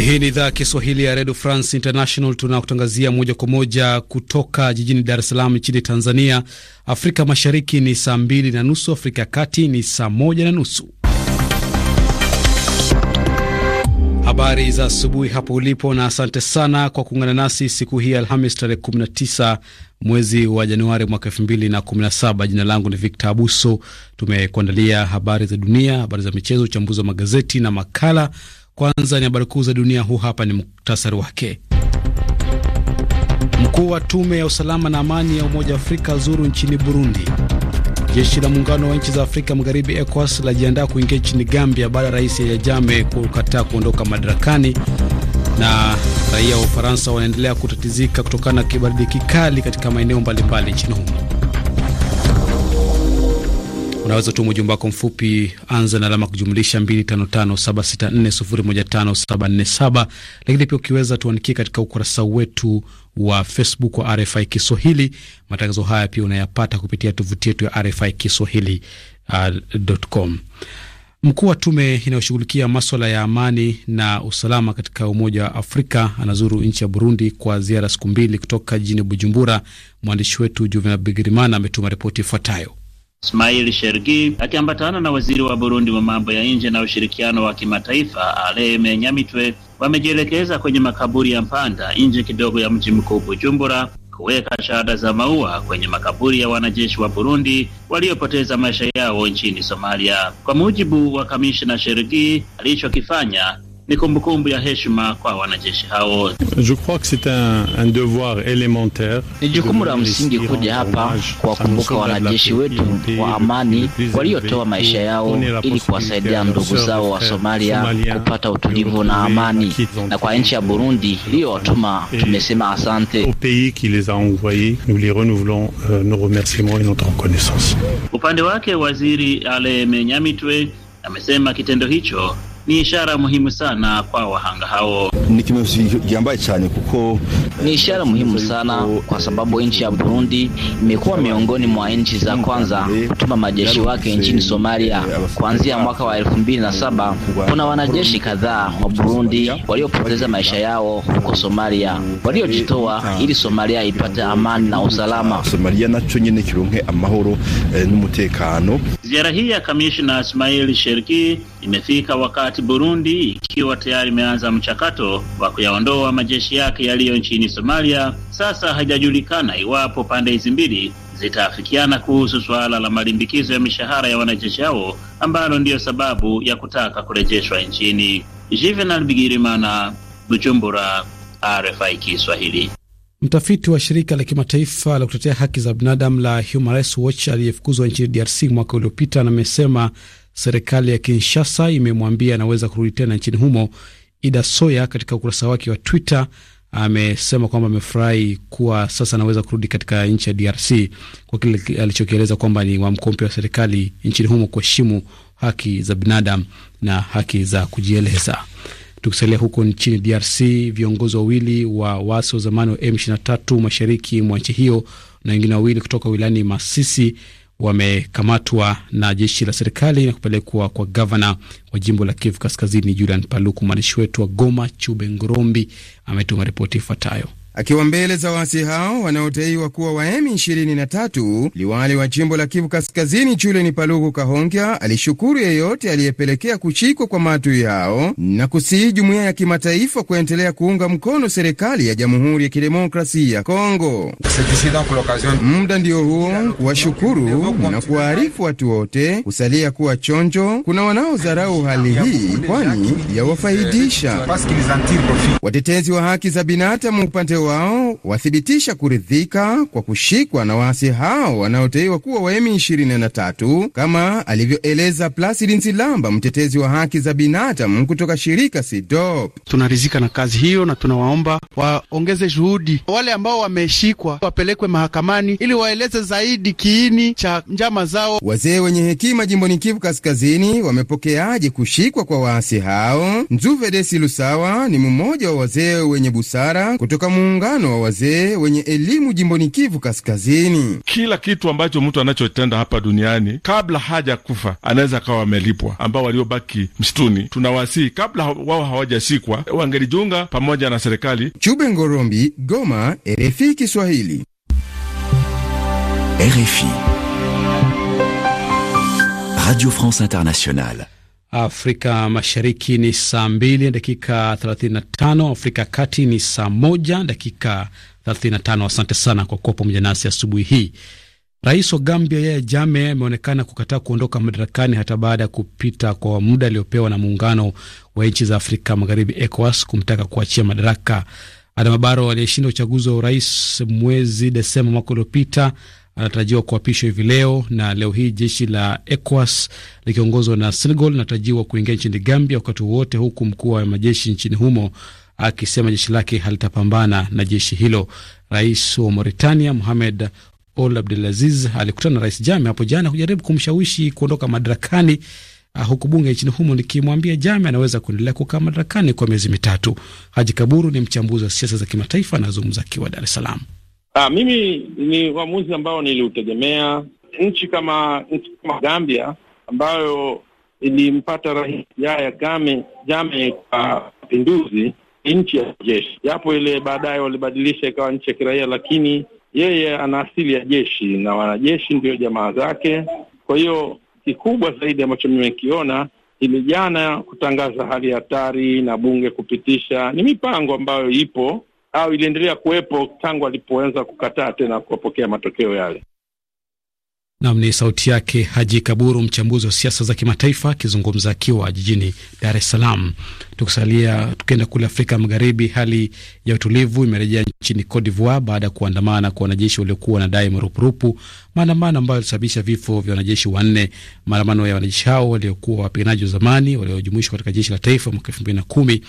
Hii ni idhaa ya Kiswahili ya redio France International. Tunakutangazia moja kwa moja kutoka jijini Dar es Salaam nchini Tanzania. Afrika Mashariki ni saa mbili na nusu, Afrika ya Kati ni saa moja na nusu. Habari za asubuhi hapo ulipo, na asante sana kwa kuungana nasi siku hii Alhamis tarehe 19 mwezi wa Januari mwaka elfu mbili na kumi na saba. Jina langu ni Victor Abuso. Tumekuandalia habari za dunia, habari za michezo, uchambuzi wa magazeti na makala kwanza ni habari kuu za dunia, huu hapa ni muktasari wake. Mkuu wa tume ya usalama na amani ya Umoja wa Afrika zuru nchini Burundi. Jeshi la muungano wa nchi za Afrika Magharibi ECOWAS lajiandaa kuingia nchini Gambia baada ya rais ya Jame kukataa kuondoka madarakani. Na raia wa Ufaransa wanaendelea kutatizika kutokana na kibaridi kikali katika maeneo mbalimbali nchini humo. Unaweza tuma ujumbe wako mfupi, anza na alama kujumlisha 255764015747 lakini pia ukiweza tuandikie katika ukurasa wetu wa Facebook wa RFI Kiswahili. Matangazo haya pia unayapata kupitia tovuti yetu ya RFI Kiswahili.com. Uh, Mkuu wa tume inayoshughulikia maswala ya amani na usalama katika Umoja wa Afrika anazuru nchi ya Burundi kwa ziara siku mbili kutoka jijini Bujumbura. Mwandishi wetu Juvena Bigirimana ametuma ripoti ifuatayo. Ismail Shergi akiambatana na waziri wa Burundi wa mambo ya nje na ushirikiano wa kimataifa Alain Nyamitwe wamejielekeza kwenye makaburi ya Mpanda nje kidogo ya mji mkuu Bujumbura kuweka shahada za maua kwenye makaburi ya wanajeshi wa Burundi waliopoteza maisha yao nchini Somalia. Kwa mujibu wa kamishna Shergi, alichokifanya ni kumbukumbu ya heshima kwa wanajeshi hao. Je crois que c'est un, un devoir elementaire. Ni jukumu la msingi kuja hapa kuwakumbuka wanajeshi wetu wa amani waliotoa maisha yao ili kuwasaidia ndugu zao wa Somalia kupata utulivu na amani, na kwa nchi ya Burundi iliyowatuma tumesema asante. Au pays qui les a envoyés nous les renouvelons euh, nos remerciements et notre reconnaissance. Upande wake waziri Ale Menyamitwe amesema kitendo hicho ni ishara muhimu sana kwa wahanga hao. Ni kiambaye cyane kuko ni ishara muhimu sana kwa sababu nchi ya Burundi imekuwa miongoni mwa nchi za kwanza kutuma majeshi wake nchini Somalia. Kuanzia mwaka wa elfu mbili na saba kuna wanajeshi kadhaa wa Burundi waliopoteza maisha yao huko Somalia, waliojitoa ili Somalia ipate amani na usalama. Somalia nacho nyene kironke amahoro eh, n'umutekano. Ziara hii ya kamishna Ismail Sherki imefika wakati Burundi ikiwa tayari imeanza mchakato wa kuyaondoa majeshi yake yaliyo nchini Somalia. Sasa haijajulikana iwapo pande hizi mbili zitaafikiana kuhusu suala la malimbikizo ya mishahara ya wanajeshi hao ambalo ndiyo sababu ya kutaka kurejeshwa nchini. Juvenal Bigirimana, Bujumbura, RFI Kiswahili. Mtafiti wa shirika la kimataifa la kutetea haki za binadamu la Human Rights Watch aliyefukuzwa nchini DRC mwaka uliopita na amesema serikali ya Kinshasa imemwambia anaweza kurudi tena nchini humo. Ida Soya katika ukurasa wake wa Twitter amesema kwamba amefurahi kuwa sasa anaweza kurudi katika nchi ya DRC kwa kile alichokieleza kwamba ni wamko mpya wa serikali nchini humo kuheshimu haki za binadamu na haki za kujieleza. Tukisalia huko nchini DRC, viongozi wawili wa waasi wa zamani wa M23 mashariki mwa nchi hiyo na wengine wawili kutoka wilayani Masisi wamekamatwa na jeshi la serikali na kupelekwa kwa gavana wa jimbo la Kivu Kaskazini, Julian Paluku. Mwandishi wetu wa Goma, Chube Ngorombi, ametuma ripoti ifuatayo. Akiwa mbele za waasi hao wanaodaiwa kuwa wa M23, liwali wa jimbo la Kivu Kaskazini Julien Paluku Kahongya alishukuru yeyote aliyepelekea kuchikwa kwa maadui yao na kusihi jumuiya ya kimataifa kuendelea kuunga mkono serikali ya Jamhuri ya Kidemokrasia ya Kongo. Muda ndio huo kuwashukuru na kuwaarifu watu wote kusalia kuwa chonjo. Kuna wanaodharau hali hii kwani yawafaidisha. Watetezi wa haki za binadamu upande wao wathibitisha kuridhika kwa kushikwa na waasi hao wanaoteiwa kuwa wa M23, kama alivyoeleza Plasidi Nsilamba, mtetezi wa haki za binadamu kutoka shirika SIDOP. Tunaridhika na kazi hiyo na tunawaomba waongeze juhudi, wale ambao wameshikwa wapelekwe mahakamani ili waeleze zaidi kiini cha njama zao. Wazee wenye hekima jimboni Kivu Kaskazini wamepokeaje kushikwa kwa waasi hao? Nzuvedesi Lusawa ni mmoja wa wazee wenye busara kutoka mu muungano wa wazee wenye elimu jimboni Kivu Kaskazini. Kila kitu ambacho mtu anachotenda hapa duniani kabla haja kufa anaweza akawa amelipwa. Ambao waliobaki msituni tunawasihi kabla wao hawajasikwa wangelijunga pamoja na serikali. Chube Ngorombi, Goma, RFI Kiswahili. RFI Radio France Internationale. Afrika Mashariki ni saa 2 dakika 35, Afrika Kati ni saa moja dakika 35. Asante sana kwa kuwa pamoja nasi asubuhi hii. Rais wa Gambia yeye Jame ameonekana kukataa kuondoka madarakani hata baada ya kupita kwa muda aliopewa na muungano wa nchi za Afrika Magharibi, ECOWAS, kumtaka kuachia madaraka. Adama Barrow aliyeshinda uchaguzi wa urais mwezi Desemba mwaka uliopita anatarajiwa kuapishwa hivi leo, na leo hii jeshi la ECOWAS likiongozwa na Senegal linatarajiwa kuingia nchini Gambia wakati wowote, huku mkuu wa majeshi nchini humo akisema jeshi lake halitapambana na jeshi hilo. Rais wa Mauritania Mohamed Ould Abdelaziz alikutana na Rais Jame hapo jana kujaribu kumshawishi kuondoka madarakani, uh, huku bunge nchini humo likimwambia Jame anaweza kuendelea kukaa madarakani kwa miezi mitatu. Haji Kaburu ni mchambuzi wa siasa za kimataifa, anazungumza akiwa Dar es Salaam. Aa, ah, mimi ni uamuzi ambao niliutegemea. Nchi kama nchi kama Gambia ambayo ilimpata Rais Yahya Jammeh kwa mapinduzi, ni nchi ya jeshi, japo ile baadaye walibadilisha ikawa nchi ya kiraia, lakini yeye ana asili ya jeshi na wanajeshi ndio jamaa zake. Kwa hiyo kikubwa zaidi ambacho nimekiona ili jana kutangaza hali hatari na bunge kupitisha ni mipango ambayo ipo au iliendelea kuwepo tangu alipoanza kukataa tena kuwapokea matokeo yale. Nam ni sauti yake Haji Kaburu, mchambuzi wa siasa za kimataifa akizungumza akiwa jijini Dar es Salaam. Tukisalia tukienda kule Afrika Magharibi, hali ya utulivu imerejea nchini Cote d'Ivoire baada ya kuandamana kwa wanajeshi waliokuwa wanadai marupurupu, maandamano ambayo yalisababisha vifo vya wanajeshi wanne. Maandamano ya wanajeshi hao waliokuwa wapiganaji wa zamani waliojumuishwa katika jeshi la taifa mwaka elfu mbili na kumi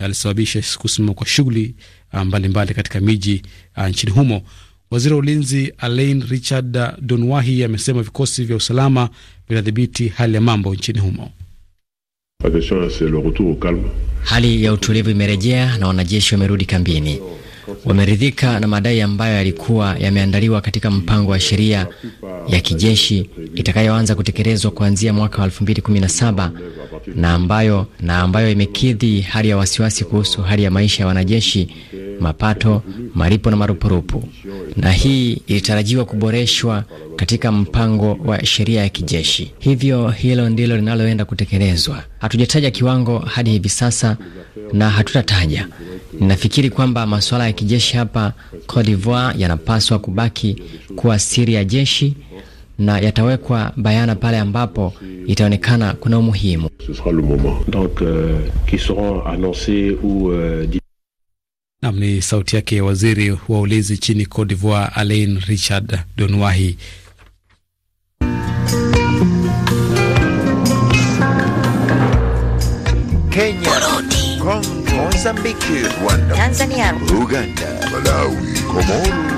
yalisababisha kusimama kwa shughuli Uh, mbalimbali mbali katika miji uh, nchini humo. Waziri wa ulinzi Alain Richard Donwahi amesema vikosi vya usalama vinadhibiti hali ya mambo nchini humo. Hali ya utulivu imerejea na wanajeshi wamerudi kambini. Wameridhika na madai ambayo yalikuwa yameandaliwa katika mpango wa sheria ya kijeshi itakayoanza kutekelezwa kuanzia mwaka wa 2017 na ambayo, na ambayo imekidhi hali ya wasiwasi kuhusu hali ya maisha ya wanajeshi mapato, malipo na marupurupu, na hii ilitarajiwa kuboreshwa katika mpango wa sheria ya kijeshi. Hivyo hilo ndilo linaloenda kutekelezwa. Hatujataja kiwango hadi hivi sasa na hatutataja. Ninafikiri kwamba masuala ya kijeshi hapa Cote d'Ivoire yanapaswa kubaki kuwa siri ya jeshi na yatawekwa bayana pale ambapo itaonekana kuna umuhimu. Nam ni sauti yake waziri wa ulinzi nchini Cote d'Ivoire, Alain Richard Donwahi. Kenya, Burundi, Kongo, Mozambiki, Rwanda, Tanzania, Uganda, Malawi, Komoro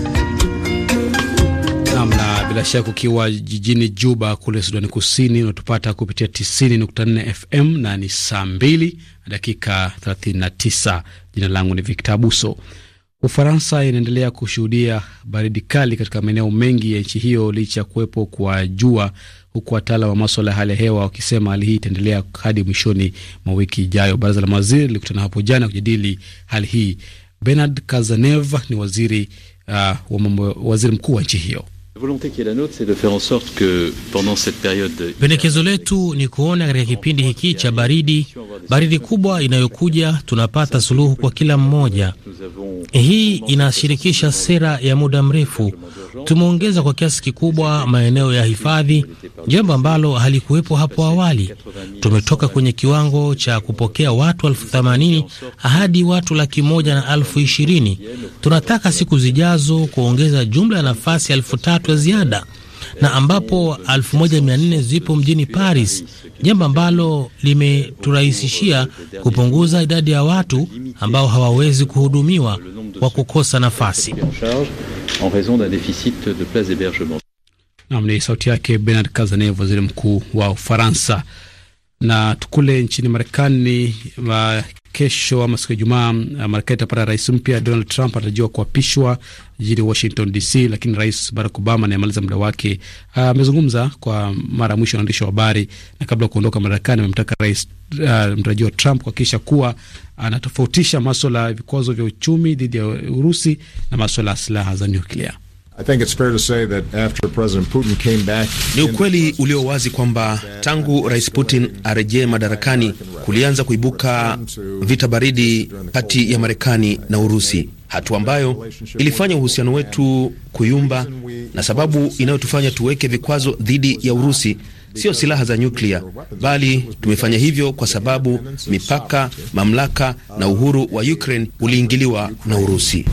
bila shaka ukiwa jijini Juba kule Sudani Kusini, unatupata kupitia 90.4 FM na ni saa 2 dakika 39. Jina langu ni Victor Abuso. Ufaransa inaendelea kushuhudia baridi kali katika maeneo mengi ya nchi hiyo licha ya kuwepo kwa jua, huku wataalam wa maswala ya hali ya hewa wakisema hali hii itaendelea hadi mwishoni mwa wiki ijayo. Baraza la mawaziri lilikutana hapo jana kujadili hali hii. Bernard Cazeneuve ni waziri, uh, wa mambo, waziri mkuu wa nchi hiyo. Pendekezo letu ni kuona katika kipindi hiki cha baridi baridi kubwa inayokuja tunapata suluhu kwa kila mmoja. Hii inashirikisha sera ya muda mrefu Tumeongeza kwa kiasi kikubwa maeneo ya hifadhi, jambo ambalo halikuwepo hapo awali. Tumetoka kwenye kiwango cha kupokea watu elfu themanini hadi watu laki moja na elfu ishirini. Tunataka siku zijazo kuongeza jumla ya nafasi elfu tatu ya ziada na ambapo 1400 zipo mjini Paris, jambo ambalo limeturahisishia kupunguza idadi ya watu ambao hawawezi kuhudumiwa kwa kukosa nafasi. Nam ni sauti yake Bernard Cazeneuve, waziri mkuu wa Ufaransa. Na tukule nchini Marekani, kesho ama siku ya Ijumaa, uh, Marekani itapata rais mpya. Donald Trump anatarajiwa kuapishwa jijini Washington DC, lakini rais Barack Obama anayemaliza muda wake uh, amezungumza kwa mara ya mwisho na waandishi wa habari, na kabla ya kuondoka madarakani amemtaka rais uh, mtarajiwa Trump kuhakikisha kuwa anatofautisha maswala ya vikwazo vya uchumi dhidi ya Urusi na maswala ya silaha za nyuklia. Ni ukweli ulio wazi kwamba tangu Rais Putin arejee madarakani kulianza kuibuka vita baridi kati ya Marekani na Urusi, hatua ambayo ilifanya uhusiano wetu kuyumba na sababu inayotufanya tuweke vikwazo dhidi ya Urusi sio silaha za nyuklia, bali tumefanya hivyo kwa sababu mipaka, mamlaka na uhuru wa Ukraine uliingiliwa na Urusi.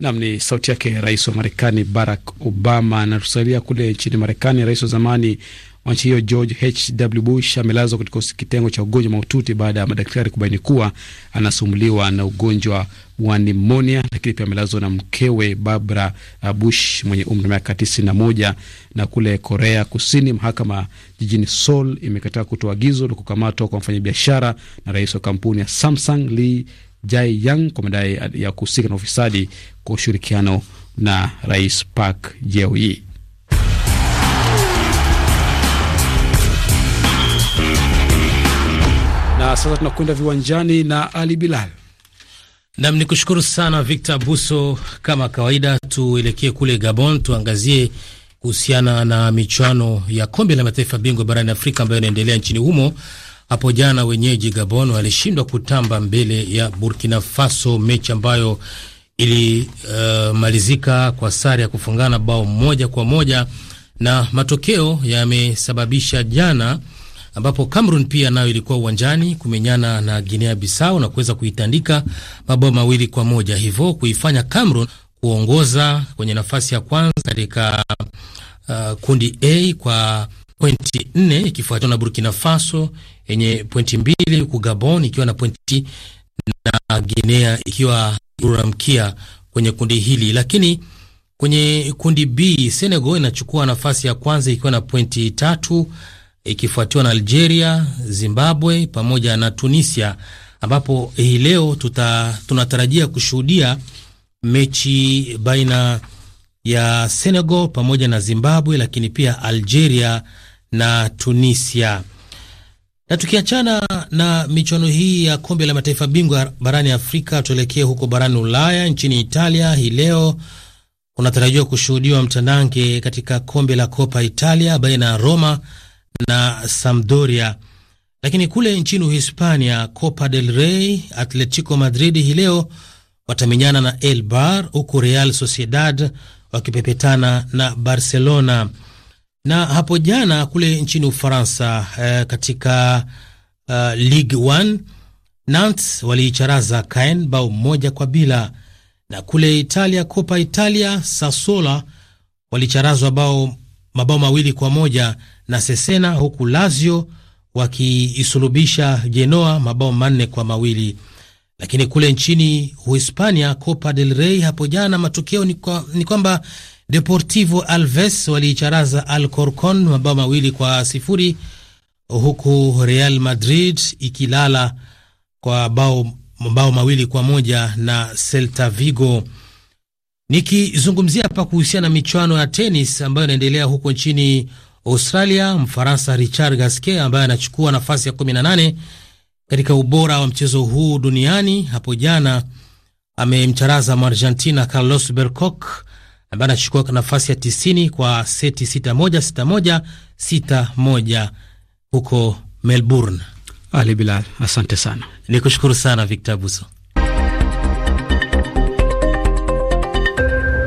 Nam ni sauti yake rais wa Marekani Barack Obama. Anatusalia kule nchini Marekani, rais wa zamani wa nchi hiyo George H.W. Bush amelazwa katika kitengo cha ugonjwa mahututi baada ya madaktari kubaini kuwa anasumbuliwa na ugonjwa wa nimonia, lakini pia amelazwa na mkewe Barbara uh, Bush mwenye umri wa miaka tisini na moja. Na kule Korea Kusini, mahakama jijini Seoul imekataa kutoa agizo la kukamatwa kwa mfanyabiashara na rais wa kampuni ya Samsung Lee Jae Yang kwa madai ya kuhusika na ufisadi kwa ushirikiano na rais Park Geun-hye. Na sasa tunakwenda viwanjani na Ali Bilal. Nam ni kushukuru sana Victor Buso. Kama kawaida, tuelekee kule Gabon, tuangazie kuhusiana na michuano ya kombe la mataifa bingwa barani Afrika ambayo inaendelea nchini humo. Hapo jana wenyeji Gabon walishindwa kutamba mbele ya Burkina Faso, mechi ambayo ilimalizika uh, kwa sare ya kufungana bao moja kwa moja, na matokeo yamesababisha jana ambapo Cameroon pia nayo ilikuwa uwanjani kumenyana na Guinea Bissau na kuweza kuitandika mabao mawili kwa moja, hivyo kuifanya Cameroon kuongoza kwenye nafasi ya kwanza katika uh, kundi A kwa pointi nne ikifuatiwa na Burkina Faso yenye pointi mbili huku Gabon ikiwa na pointi na Guinea ikiwa uramkia kwenye kundi hili. Lakini kwenye kundi B Senegal inachukua nafasi ya kwanza ikiwa na pointi tatu ikifuatiwa na Algeria, Zimbabwe pamoja na Tunisia, ambapo hii leo tuta, tunatarajia kushuhudia mechi baina ya Senegal pamoja na Zimbabwe, lakini pia Algeria na Tunisia. Na tukiachana na michuano hii ya kombe la mataifa bingwa barani Afrika, tuelekee huko barani Ulaya. Nchini Italia hii leo kunatarajiwa kushuhudiwa mtanange katika kombe la Kopa Italia baina ya Roma na Sampdoria. Lakini kule nchini Uhispania, Copa del Rey, Atletico Madrid hii leo watamenyana na el bar huku Real Sociedad wakipepetana na Barcelona. Na hapo jana kule nchini Ufaransa eh, katika uh, Ligue 1 Nantes waliicharaza Caen bao moja kwa bila, na kule Italia Copa Italia Sassuolo walicharazwa bao mabao mawili kwa moja na Sesena, huku Lazio wakiisulubisha Jenoa mabao manne kwa mawili. Lakini kule nchini Uhispania, Copa del Rey, hapo jana matokeo ni, kwa, ni kwamba Deportivo Alves waliicharaza Alcorcon mabao mawili kwa sifuri huku Real Madrid ikilala kwa bao mabao mawili kwa moja na Celta Vigo. Nikizungumzia hapa kuhusiana na michuano ya tenis ambayo inaendelea huko nchini Australia, Mfaransa Richard Gasquet ambaye anachukua nafasi ya 18 katika ubora wa mchezo huu duniani, hapo jana amemcharaza Margentina Carlos Bercock ambaye anachukua nafasi ya 90 kwa seti 6-1, 6 huko Melbourne. Ali Bilal, asante sana. Nikushukuru sana Victor Buso.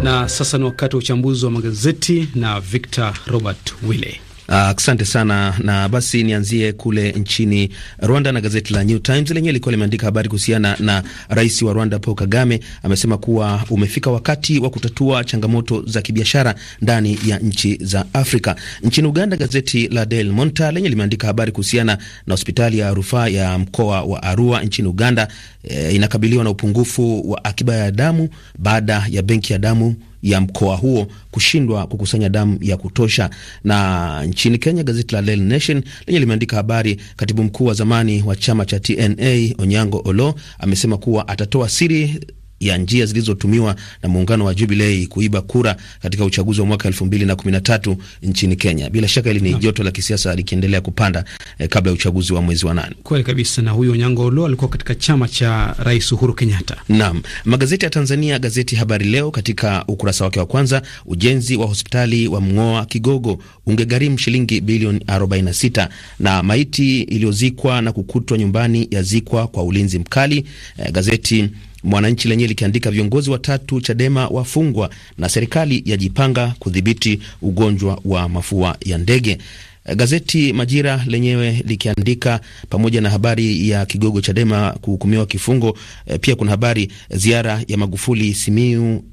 Na sasa ni wakati wa uchambuzi wa magazeti na Victor Robert Wille. Ah, asante uh, sana na basi nianzie kule nchini Rwanda na gazeti la New Times lenyewe lilikuwa limeandika habari kuhusiana na rais wa Rwanda Paul Kagame. Amesema kuwa umefika wakati wa kutatua changamoto za kibiashara ndani ya nchi za Afrika. Nchini Uganda, gazeti la Daily Monitor lenye limeandika habari kuhusiana na hospitali ya rufaa ya mkoa wa Arua nchini Uganda e, inakabiliwa na upungufu wa akiba ya damu baada ya benki ya damu ya mkoa huo kushindwa kukusanya damu ya kutosha. Na nchini Kenya, gazeti la Daily Nation lenye limeandika habari, katibu mkuu wa zamani wa chama cha TNA Onyango Olo amesema kuwa atatoa siri ya njia zilizotumiwa na muungano wa Jubilee kuiba kura katika uchaguzi wa mwaka tatu nchini Kenya. Bila shaka hili ni joto la kisiasa likiendelea kupanda eh, kabla ya uchaguzi wa mwezi wa nane. Kweli kabisa, na huyo Onyango Oloo alikuwa katika chama cha Rais Uhuru Kenyatta. Naam, magazeti ya Tanzania, gazeti Habari Leo katika ukurasa wake wa kwanza, ujenzi wa hospitali wa Mng'oa Kigogo ungegharimu shilingi bilioni 46, na maiti iliyozikwa na kukutwa nyumbani yazikwa kwa ulinzi mkali. Eh, gazeti Mwananchi lenye likiandika viongozi watatu Chadema wafungwa na serikali yajipanga kudhibiti ugonjwa wa mafua ya ndege. Gazeti Majira lenyewe likiandika pamoja na habari ya kigogo Chadema kuhukumiwa kifungo, eh, pia kuna habari ziara ya Magufuli Simiu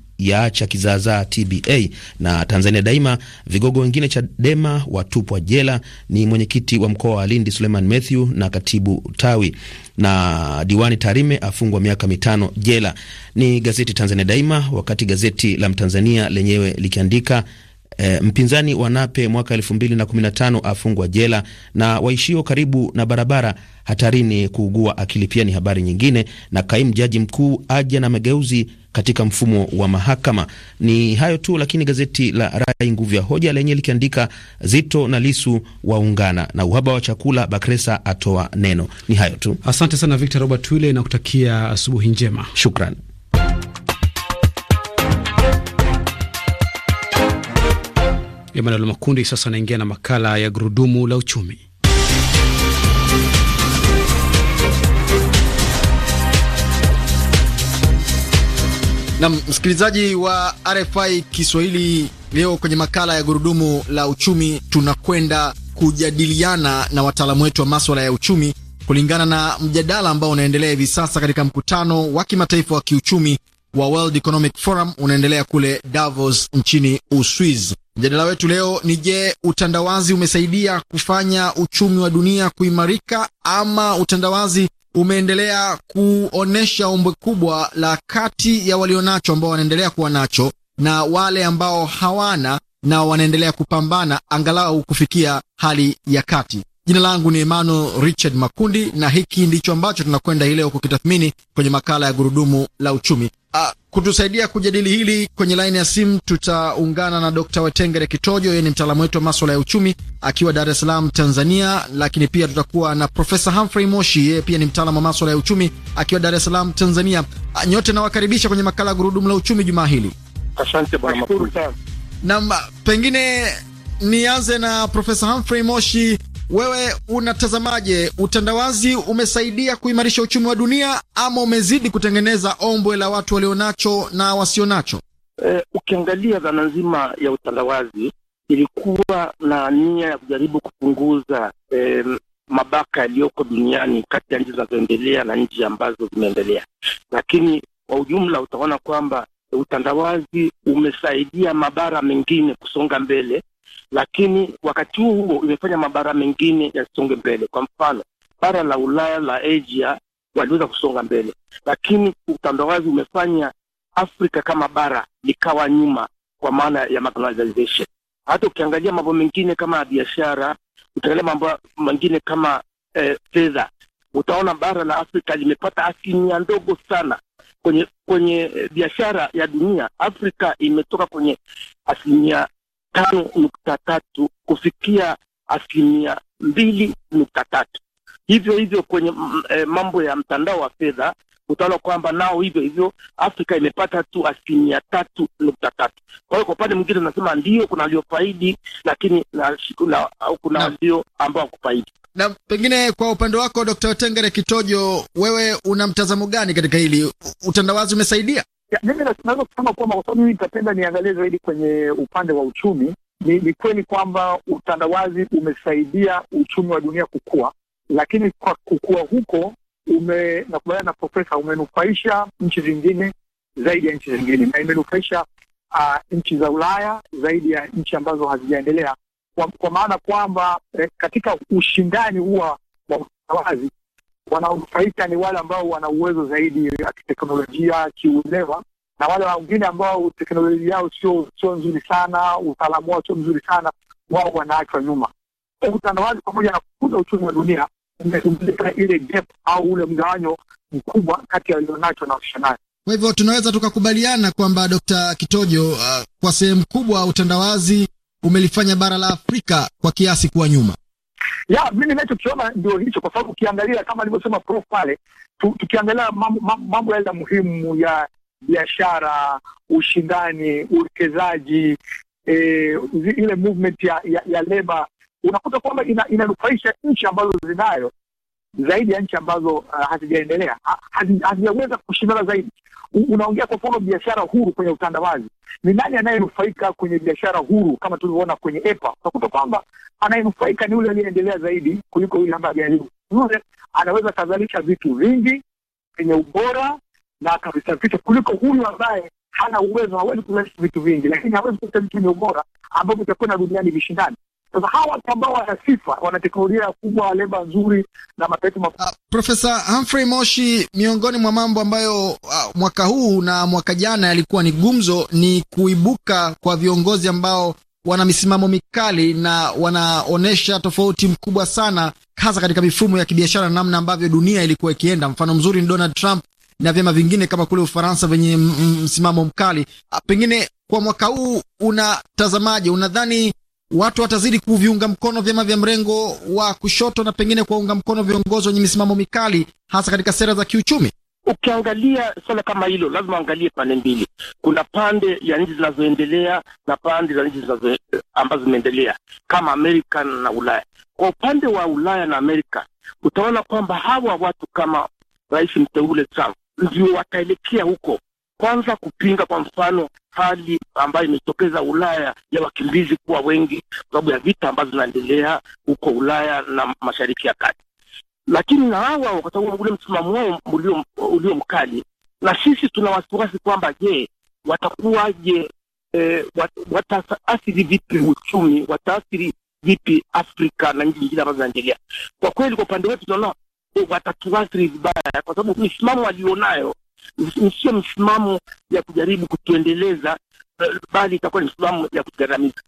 cha kizaazaa TBA na Tanzania Daima. Vigogo wengine Chadema watupwa jela ni mwenyekiti wa mkoa wa Lindi Suleiman Mathew na katibu tawi, na diwani Tarime afungwa miaka mitano jela. Ni gazeti Tanzania Daima, wakati gazeti la Mtanzania lenyewe likiandika E, mpinzani wa Nape mwaka 2015 afungwa jela na waishio karibu na barabara hatarini kuugua akili pia ni habari nyingine. Na kaimu jaji mkuu aja na mageuzi katika mfumo wa mahakama. Ni hayo tu, lakini gazeti la Rai Nguvu ya Hoja lenye likiandika Zito na Lisu waungana na uhaba wa chakula, Bakresa atoa neno. Ni hayo tu, asante sana Victor Robert Wile na kutakia asubuhi njema, shukran. Emmanuel Makundi sasa anaingia na makala ya gurudumu la uchumi. Na msikilizaji wa RFI Kiswahili, leo kwenye makala ya gurudumu la uchumi tunakwenda kujadiliana na wataalamu wetu wa maswala ya uchumi kulingana na mjadala ambao unaendelea hivi sasa katika mkutano wa kimataifa wa kiuchumi wa World Economic Forum unaendelea kule Davos nchini Uswizi. Mjadala wetu leo ni je, utandawazi umesaidia kufanya uchumi wa dunia kuimarika ama utandawazi umeendelea kuonyesha ombwe kubwa la kati ya walionacho ambao wanaendelea kuwa nacho na wale ambao hawana na wanaendelea kupambana angalau kufikia hali ya kati. Jina langu ni Emmanuel Richard Makundi na hiki ndicho ambacho tunakwenda hii leo kukitathmini kwenye makala ya gurudumu la uchumi. Ah, Kutusaidia kujadili hili kwenye laini ya simu tutaungana na Dkt. Wetengere Kitojo, yeye ni mtaalamu wetu wa maswala ya uchumi akiwa Dar es Salaam, Tanzania, lakini pia tutakuwa na Profesa Humphrey Moshi, yeye pia ni mtaalamu wa maswala ya uchumi akiwa Dar es Salaam, Tanzania. Nyote nawakaribisha kwenye makala ya Gurudumu la Uchumi jumaa hili. Asante bwana Naam, pengine nianze na Profesa Humphrey Moshi. Wewe unatazamaje, utandawazi umesaidia kuimarisha uchumi wa dunia ama umezidi kutengeneza ombwe la watu walionacho na wasionacho? E, ukiangalia dhana nzima ya utandawazi ilikuwa na nia ya kujaribu kupunguza e, mabaka yaliyoko duniani kati ya nchi zinazoendelea na nchi ambazo zimeendelea, lakini kwa ujumla utaona kwamba utandawazi umesaidia mabara mengine kusonga mbele lakini wakati huo huo imefanya mabara mengine yasonge mbele. Kwa mfano bara la Ulaya la Asia waliweza kusonga mbele, lakini utandawazi umefanya Afrika kama bara likawa nyuma, kwa maana ya globalization. Hata ukiangalia mambo mengine kama biashara, ukiangalia mambo mengine kama eh, fedha, utaona bara la Afrika limepata asilimia ndogo sana kwenye kwenye eh, biashara ya dunia. Afrika imetoka kwenye asilimia tano nukta tatu kufikia asilimia mbili nukta tatu. Hivyo hivyo kwenye e, mambo ya mtandao wa fedha utaona kwamba nao hivyo hivyo Afrika imepata tu asilimia tatu nukta tatu. Kwa hiyo kwa upande mwingine tunasema ndio kuna waliofaidi, lakini na, kuna, kuna walio ambao wakufaidi Na pengine kwa upande wako Dkt. Tengere Kitojo, wewe una mtazamo gani katika hili? Utandawazi umesaidia? Mimi naweza kusema kwamba kwa sababu mimi nitapenda niangalie zaidi kwenye upande wa uchumi, ni, ni kweli kwamba utandawazi umesaidia uchumi wa dunia kukua, lakini kwa kukua huko ume, nakubaliana na profesa, umenufaisha nchi zingine zaidi ya nchi zingine na imenufaisha uh, nchi za Ulaya zaidi ya nchi ambazo hazijaendelea kwa, kwa maana kwamba eh, katika ushindani huwa wa utandawazi wanaonufaika ni wale ambao wana uwezo zaidi wa kiteknolojia, kiuelewa, na wale wengine ambao teknolojia yao sio sio nzuri sana, utaalamu wao sio mzuri sana, wao wanaachwa nyuma. Utandawazi pamoja na kukuza uchumi wa dunia umezungumzika ile gap au ule mgawanyo mkubwa kati ya walionacho na washonayo. Kwa hivyo tunaweza tukakubaliana kwamba Dkt. Kitojo, uh, kwa sehemu kubwa utandawazi umelifanya bara la Afrika kwa kiasi kuwa nyuma ya mimi ninachokiona ndio hicho, kwa sababu ukiangalia kama alivyosema prof pale, tukiangalia mambo yale ya muhimu ya biashara, ushindani, uwekezaji, e, ile movement ya, ya, ya leba unakuta kwamba inanufaisha ina nchi ambazo zinayo zaidi ya nchi ambazo uh, hazijaendelea hazijaweza kushindana zaidi. Unaongea kwa mfano biashara huru kwenye utandawazi, ni nani anayenufaika kwenye biashara huru? Kama tulivyoona kwenye EPA, utakuta kwamba anayenufaika ni yule aliyeendelea zaidi kuliko yule ambaye hajajaribu. Yule anaweza akazalisha vitu vingi vyenye ubora na akavisafisha kuliko huyu ambaye hana uwezo, hawezi kuzalisha vitu vingi, lakini hawezi kuleta vitu vyenye ubora ambavyo vitakwenda duniani vishindani. Sasa hawa watu ambao wana sifa, wana teknolojia kubwa, leba nzuri na mataifa makubwa. Uh, Profesa Humphrey Moshi, miongoni mwa mambo ambayo uh, mwaka huu na mwaka jana yalikuwa ni gumzo ni kuibuka kwa viongozi ambao wana misimamo mikali na wanaonyesha tofauti mkubwa sana, hasa katika mifumo ya kibiashara na namna ambavyo dunia ilikuwa ikienda. Mfano mzuri ni Donald Trump na vyama vingine kama kule Ufaransa vyenye msimamo mkali. Ah, pengine kwa mwaka huu unatazamaje? Unadhani watu watazidi kuviunga mkono vyama vya mrengo wa kushoto na pengine kuwaunga mkono viongozi wenye misimamo mikali hasa katika sera za kiuchumi. Ukiangalia swala kama hilo, lazima angalie pande mbili. Kuna pande ya nchi zinazoendelea na pande za nchi ambazo zimeendelea kama Amerika na Ulaya. Kwa upande wa Ulaya na Amerika, utaona kwamba hawa watu kama rais mteule Trump ndio wataelekea huko kwanza kupinga kwa mfano hali ambayo imetokeza Ulaya ya wakimbizi kuwa wengi kwa sababu ya vita ambazo zinaendelea huko Ulaya na Mashariki ya Kati, lakini na hawa sababu ule msimamo wao ulio, ulio mkali, na sisi tuna wasiwasi kwamba je, watakuwaje? E, wat, wataathiri vipi uchumi? Wataathiri vipi Afrika na nchi nyingine ambazo zinaendelea? Kwa kweli, kwa upande wetu tunaona eh, watatuathiri vibaya, kwa sababu misimamo walionayo sio msimamo ya kujaribu kutuendeleza, eh, bali itakuwa ni msimamo ya kugandamiza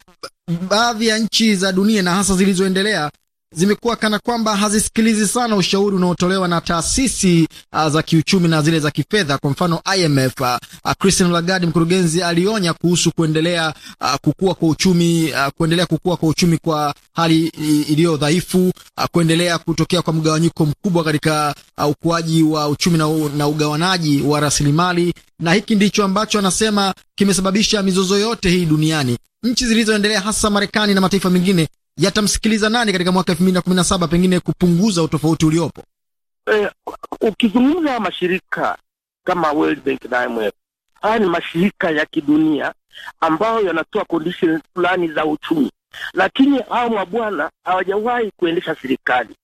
baadhi ya nchi za dunia na hasa zilizoendelea zimekuwa kana kwamba hazisikilizi sana ushauri unaotolewa na taasisi ah, za kiuchumi na zile za kifedha, kwa mfano IMF. Ah, ah, Christine Lagarde, mkurugenzi, alionya kuhusu kuendelea kukua kwa uchumi, kuendelea kukua kwa uchumi kwa hali iliyo dhaifu, kuendelea kutokea kwa mgawanyiko mkubwa katika ukuaji wa uchumi na, na ugawanaji wa rasilimali, na hiki ndicho ambacho anasema kimesababisha mizozo yote hii duniani. Nchi zilizoendelea hasa Marekani na mataifa mengine yatamsikiliza nani katika mwaka elfu mbili na kumi na saba pengine kupunguza utofauti uliopo? Eh, ukizungumza mashirika kama World Bank na IMF, haya ni mashirika ya kidunia ambayo yanatoa conditions fulani za uchumi, lakini hao mabwana hawajawahi kuendesha serikali.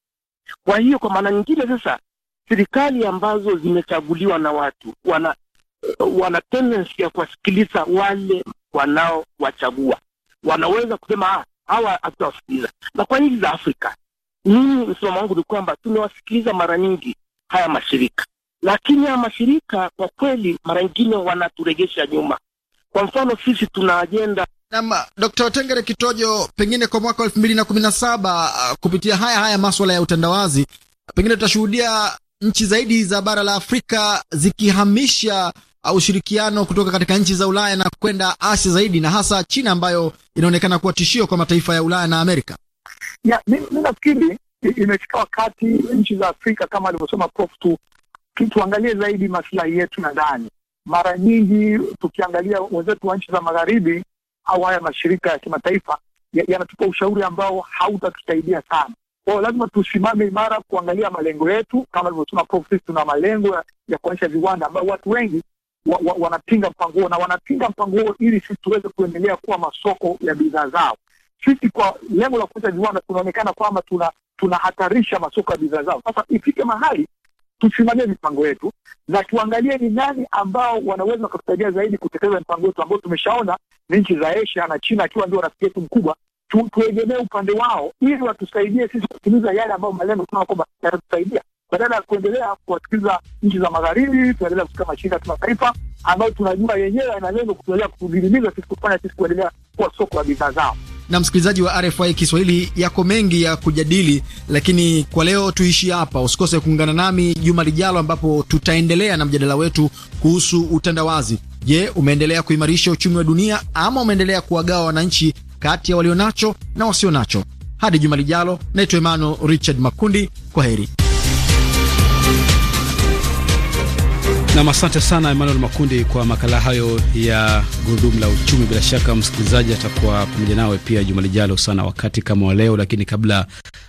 Kwa hiyo kwa maana nyingine, sasa serikali ambazo zimechaguliwa na watu wana wana tendency ya kuwasikiliza wale wanaowachagua. Wanaweza kusema ah, hawa hatutawasikiliza. Na kwa nchi za Afrika, mimi msimamo wangu ni kwamba tumewasikiliza mara nyingi haya mashirika, lakini haya mashirika kwa kweli mara nyingine wanaturegesha nyuma. Kwa mfano sisi tuna ajenda nam Dkt. Tengere Kitojo, pengine kwa mwaka wa elfu mbili na kumi na saba uh, kupitia haya haya maswala ya utandawazi, pengine tutashuhudia nchi zaidi za bara la Afrika zikihamisha ushirikiano kutoka katika nchi za Ulaya na kwenda Asia zaidi na hasa China ambayo inaonekana kuwa tishio kwa mataifa ya Ulaya na Amerika? Yeah, mi nafikiri imefika wakati nchi za Afrika kama alivyosema Prof tu, tuangalie zaidi masilahi yetu ya ndani. Mara nyingi tukiangalia wenzetu wa nchi za magharibi au haya mashirika ya kimataifa yanatupa ya ushauri ambao hautatusaidia sana. Kwa hiyo lazima tusimame imara kuangalia malengo yetu, kama alivyosema Prof, tuna malengo ya ya kuonyesha viwanda ambao watu wengi wa, wa, wanapinga mpango huo na wanapinga mpango huo ili sisi tuweze kuendelea kuwa masoko ya bidhaa zao. Sisi kwa lengo la kukuza viwanda tunaonekana kwamba tuna tunahatarisha masoko ya bidhaa zao. Sasa ifike mahali tusimamie mipango yetu na tuangalie ni nani ambao wanaweza wakatusaidia zaidi kutekeleza mipango yetu ambao tumeshaona ni nchi za Asia na China akiwa ndio rafiki yetu mkubwa. tuegemee upande wao ili watusaidie sisi kutimiza yale ambayo malengo tunaona kwamba yatatusaidia badala ya kuendelea kuwasikiza nchi za magharibi, tunaendelea kusikia mashirika ya kimataifa ambayo tunajua yenyewe yana lengo kutuendelea kutudhilibiza sisi, kufanya sisi kuendelea kuwa soko la bidhaa zao. Na msikilizaji wa RFI Kiswahili, yako mengi ya kujadili, lakini kwa leo tuishi hapa. Usikose kuungana nami juma lijalo, ambapo tutaendelea na mjadala wetu kuhusu utandawazi. Je, umeendelea kuimarisha uchumi wa dunia ama umeendelea kuwagawa wananchi kati ya walionacho na wasionacho? Hadi juma lijalo, naitwa Emmanuel Richard Makundi. Kwa heri. Nam, asante sana Emmanuel Makundi kwa makala hayo ya gurudumu la uchumi. Bila shaka msikilizaji atakuwa pamoja nawe pia juma lijalo sana wakati kama waleo, lakini kabla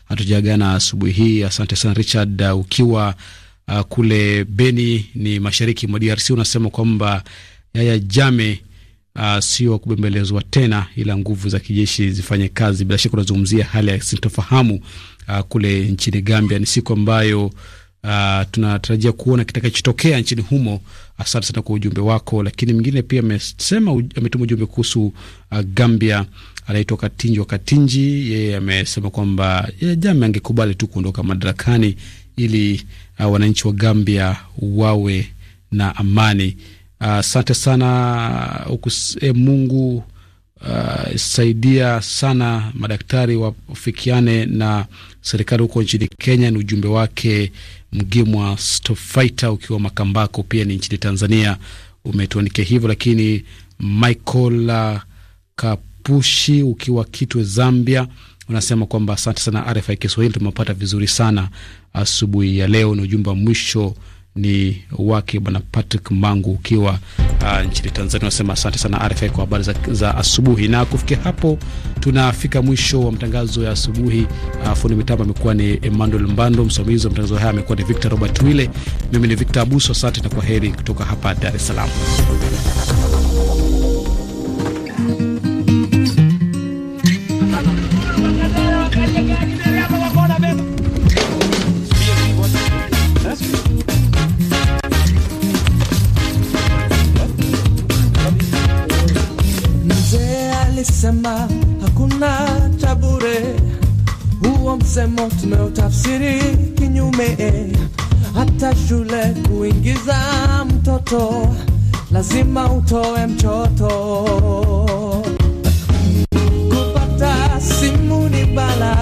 hatujaagana asubuhi hii, asante sana Richard. Uh, ukiwa uh, kule Beni ni mashariki mwa DRC unasema kwamba Yaya Jame uh, sio kubembelezwa tena, ila nguvu za kijeshi zifanye kazi. Bila shaka unazungumzia hali ya sintofahamu uh, kule nchini Gambia. Ni siku ambayo Uh, tunatarajia kuona kitakachotokea nchini humo. Asante sana kwa ujumbe wako. Lakini mwingine pia amesema, ametuma ujumbe kuhusu uh, Gambia, anaitwa Katinji wa Katinji. Yeye amesema kwamba eh, Jame angekubali tu kuondoka madarakani ili uh, wananchi wa Gambia wawe na amani. Asante uh, sana uh, eh, Mungu uh, saidia sana madaktari wafikiane na serikali huko nchini Kenya. Ni ujumbe wake Mgimwa Stofaita ukiwa Makambako, pia ni nchini Tanzania umetuandikia hivyo. Lakini Michael Kapushi ukiwa Kitwe, Zambia, unasema kwamba asante sana RFI Kiswahili, tumepata vizuri sana asubuhi ya leo. Ni ujumbe wa mwisho ni wake bwana Patrick Mangu ukiwa uh, nchini Tanzania. Unasema asante sana RFI kwa habari za, za asubuhi. Na kufikia hapo tunafika mwisho wa matangazo ya asubuhi. Uh, fundi mitambo amekuwa ni Emmanuel Mbando, msimamizi wa matangazo haya amekuwa ni Victor Robert Wile, mimi ni Victor Abuso. Asante na kwa heri kutoka hapa Dar es Salaam. msemo tumeutafsiri kinyume, hata shule kuingiza mtoto lazima utoe mchoto. Kupata simu ni bala,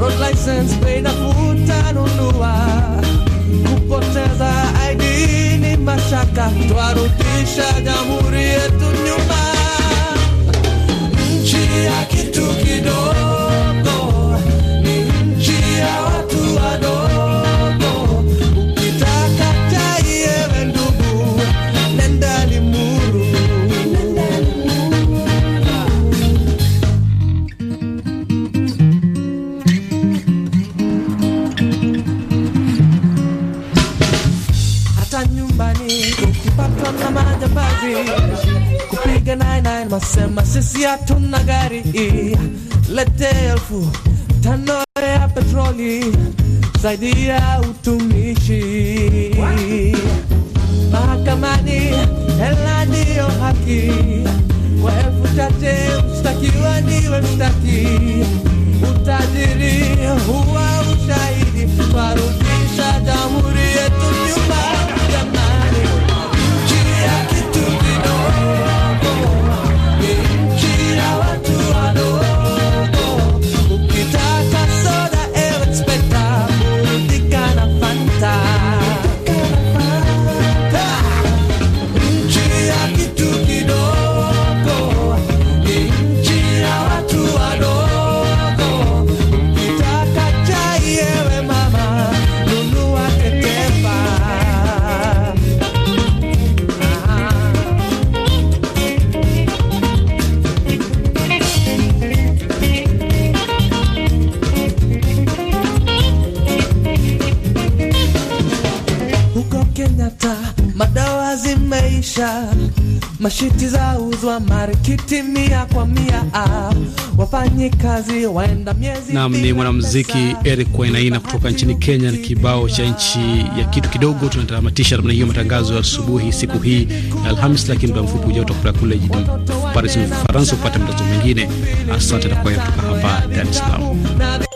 road license bei nafuta kupoteza ID ni mashaka, twarudisha jamhuri yetu nyuma, nchi ya kitu kidogo Sema sisi hatuna gari, lete elfu tano ya petroli, zaidi ya utumishi mahakamani, hela ndiyo haki. Kwa elfu chache mshtakiwa ndiwe mshtaki, utajiri huwa ushahidi, twarudisha jamhuri mashiti uzwa marikiti mia kwa mia, kazi waenda miezi. Naam, ni mwanamuziki Eric Wainaina kutoka nchini Kenya, na kibao cha nchi ya kitu kidogo. Tunatamatisha namna hiyo matangazo ya asubuhi siku hii ya Alhamis, lakini muda mfupi ujao utakuwa kule jijini Paris, Ufaransa, kupata mtazamo mwingine. Asante na kwa kutoka hapa Dar es Salaam.